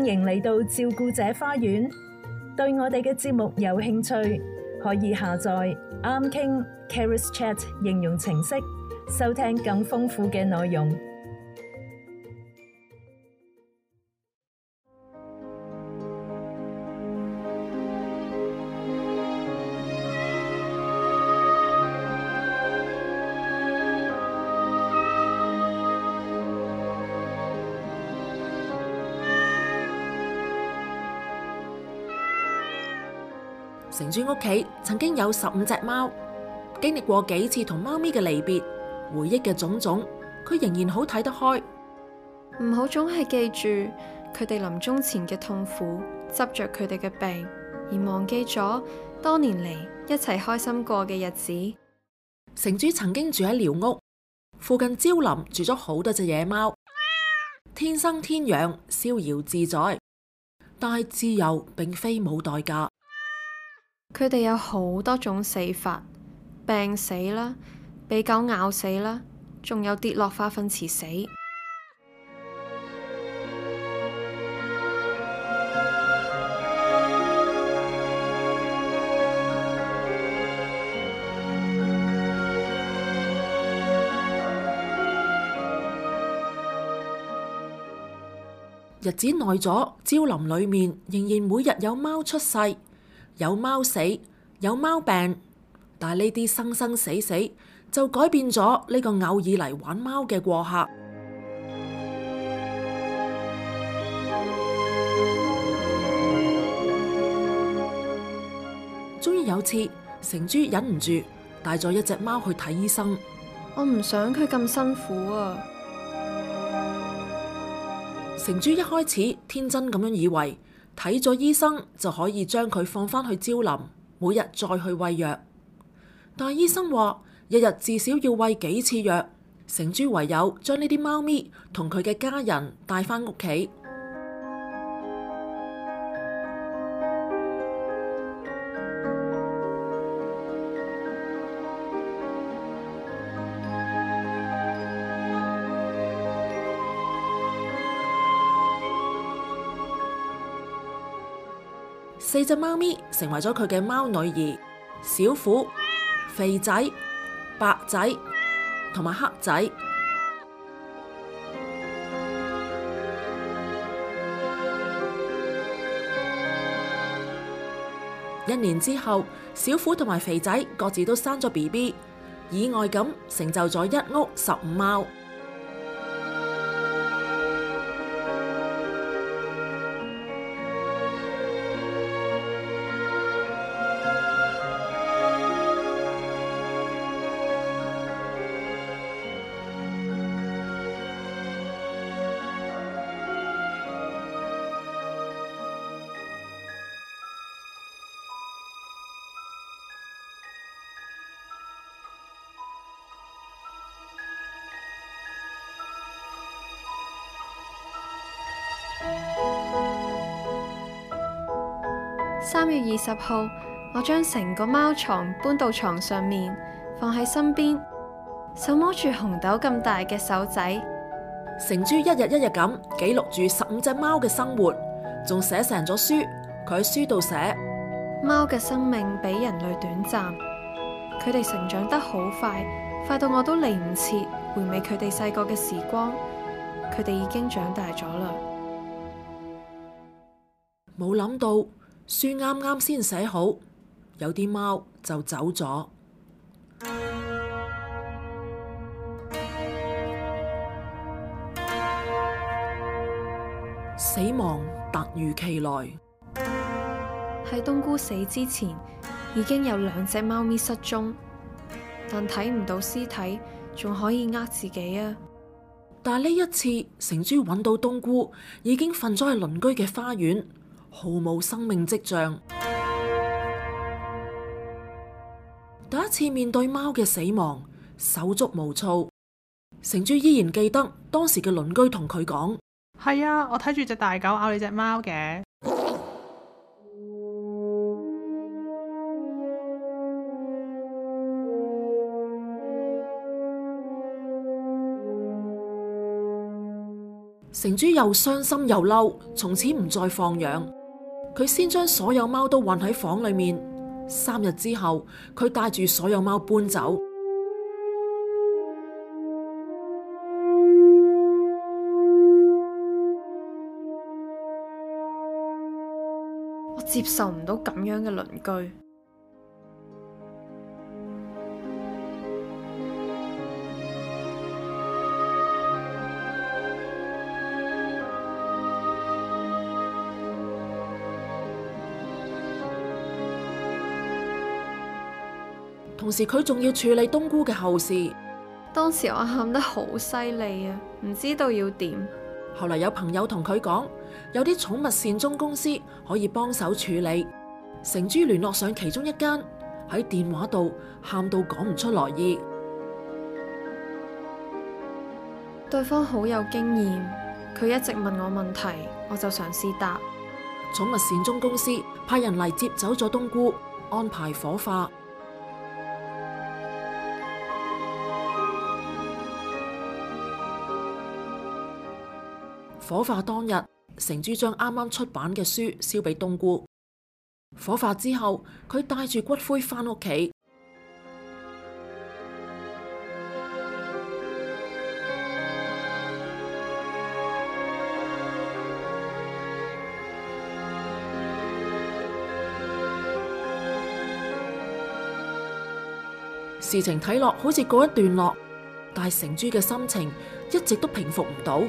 歡迎嚟到照顧者花園，對我哋嘅節目有興趣，可以下載啱傾 Carers Chat 應用程式，收聽更豐富嘅內容。城珠屋企曾經有十五隻貓，經歷過幾次同貓咪嘅離別，回憶嘅種種，佢仍然好睇得開。唔好總係記住佢哋臨終前嘅痛苦，執着佢哋嘅病，而忘記咗多年嚟一齊開心過嘅日子。城珠曾經住喺寮屋附近，蕉林住咗好多隻野貓，天生天養，逍遙自在。但係自由並非冇代價。佢哋有好多種死法，病死啦，被狗咬死啦，仲有跌落化糞池死。日子耐咗，蕉林裏面仍然每日有貓出世。有貓死，有貓病，但係呢啲生生死死就改變咗呢個偶爾嚟玩貓嘅過客。終於 有次，成珠忍唔住帶咗一隻貓去睇醫生。我唔想佢咁辛苦啊！成珠一開始天真咁樣以為。睇咗醫生就可以將佢放翻去蕉林，每日再去餵藥。但係醫生話，日日至少要餵幾次藥。成珠唯有將呢啲貓咪同佢嘅家人帶翻屋企。四隻貓咪成為咗佢嘅貓女兒，小虎、肥仔、白仔同埋黑仔。一年之後，小虎同埋肥仔各自都生咗 BB，意外咁成就咗一屋十五貓。三月二十號，我將成個貓床搬到床上面，放喺身邊，手摸住紅豆咁大嘅手仔。成珠一日一日咁記錄住十五隻貓嘅生活，仲寫成咗書。佢喺書度寫：貓嘅生命比人類短暫，佢哋成長得好快，快到我都嚟唔切回味佢哋細個嘅時光。佢哋已經長大咗啦，冇諗到。書啱啱先寫好，有啲貓就走咗。死亡突如其來。喺冬菇死之前，已經有兩隻貓咪失蹤，但睇唔到屍體，仲可以呃自己啊。但呢一次，成珠揾到冬菇，已經瞓咗喺鄰居嘅花園。毫無生命跡象。 第一次面對貓嘅死亡，手足無措。成珠依然記得當時嘅鄰居同佢講：係啊，我睇住隻大狗咬你隻貓嘅。 成珠又傷心又嬲，從此唔再放養。佢先將所有貓都困喺房裏面，三日之後佢帶住所有貓搬走。我接受唔到咁樣嘅鄰居。同時佢仲要處理冬菇嘅後事，當時我喊得好犀利啊，唔知道要點。後嚟有朋友同佢講，有啲寵物善終公司可以幫手處理。成珠聯絡上其中一間，喺電話度喊到講唔出嚟。對方好有經驗，佢一直問我問題，我就嘗試答。寵物善終公司派人嚟接走咗冬菇，安排火化。火化當日，成珠將啱啱出版嘅書燒俾冬菇。火化之後，佢帶住骨灰返屋企。 事情睇落好似過一段落，但係成珠嘅心情一直都平復唔到。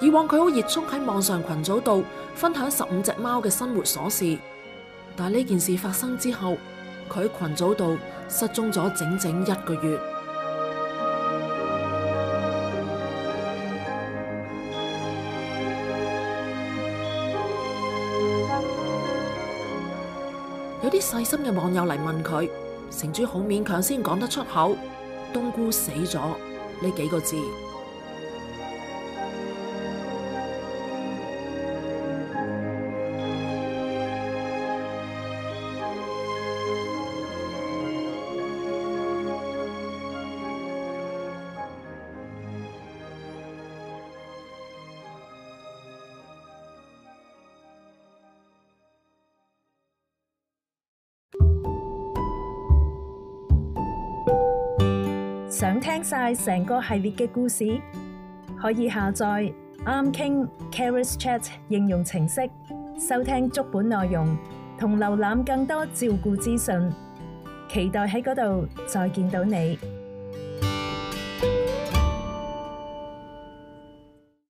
以往佢好熱衷喺網上群組度分享十五隻貓嘅生活瑣事，但係呢件事發生之後，佢群組度失蹤咗整整一個月。有啲細心嘅網友嚟問佢，成珠好勉強先講得出口，冬菇死咗呢幾個字。想聽晒成個系列嘅故事，可以下載啱傾 Carers Chat 應用程式，收聽足本內容同瀏覽更多照顧資訊。期待喺嗰度再見到你。